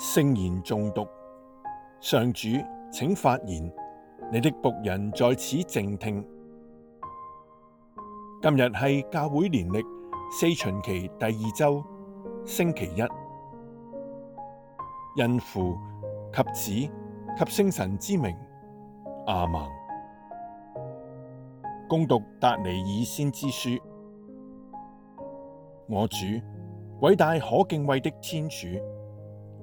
聖言誦讀，上主，請發言，你的僕人在此靜聽。今日係教會年曆四旬期第二周，星期一。因父及子及聖神之名，阿門。恭讀達尼爾先知書。我主，偉大可敬畏的天主。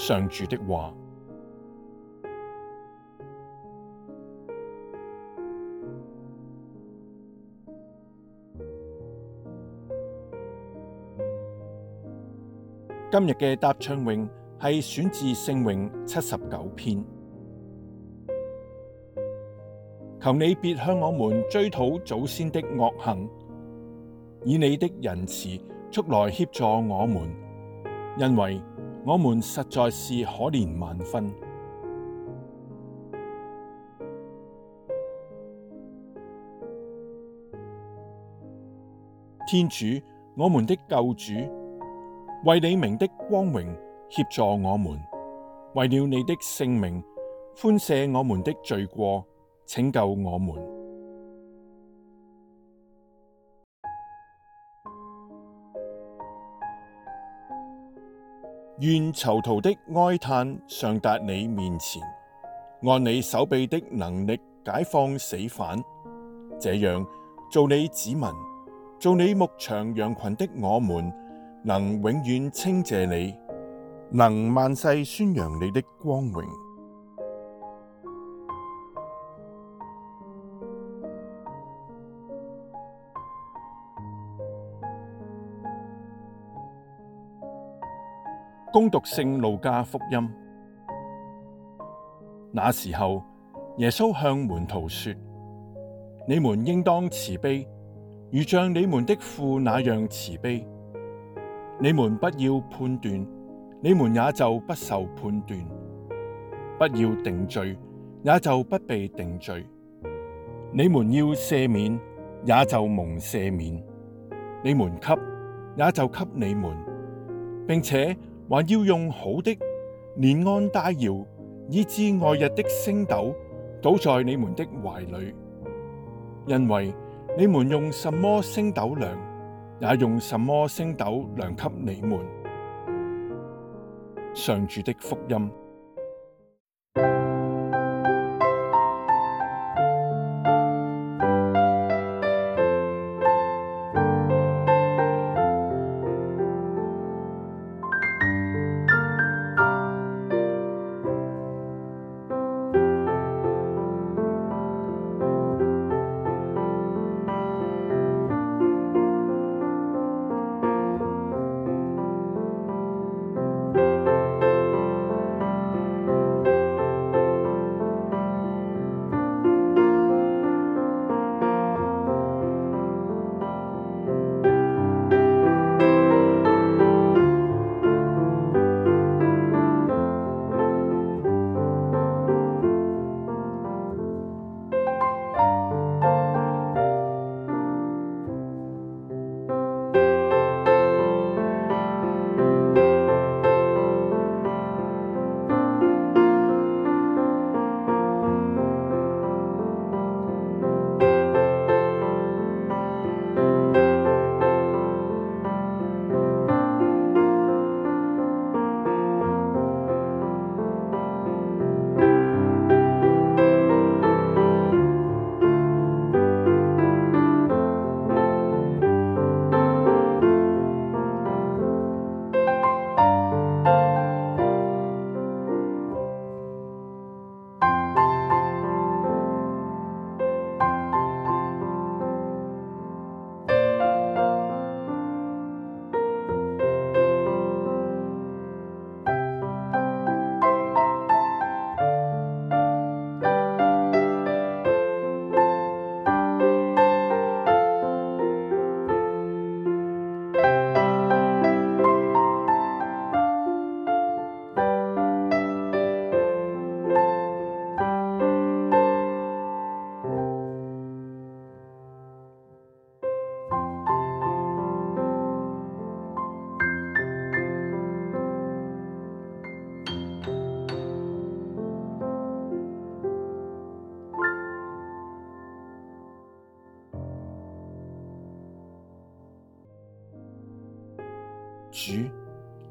上主的話。今日嘅答唱詠係選自聖詠七十九篇。求你別向我們追討祖先的惡行，以你的仁慈速來協助我們，因為我們實在是可憐萬分。天主，我們的救主，為你名的光榮，協助我們，為了你的聖名，寬赦我們的罪過，拯救我們。願囚徒的哀嘆上達你面前，按你手臂的能力解放死犯，這樣做你子民，做你牧場羊群的我們，能永遠稱謝你，能萬世宣揚你的光榮。恭讀《聖路加福音》，那時候耶穌向門徒說：你們應當慈悲，如像你們的父那樣慈悲。你們不要判斷，你們也就不受判斷；不要定罪，也就不被定罪。你們要赦免，也就蒙赦免；你們給，也就給你們，並且。還要用好的，連按帶搖，以致外溢的升斗，倒在你們的懷裏，因為你們用什麼升斗量，也用什麼升斗量給你們。上主的福音。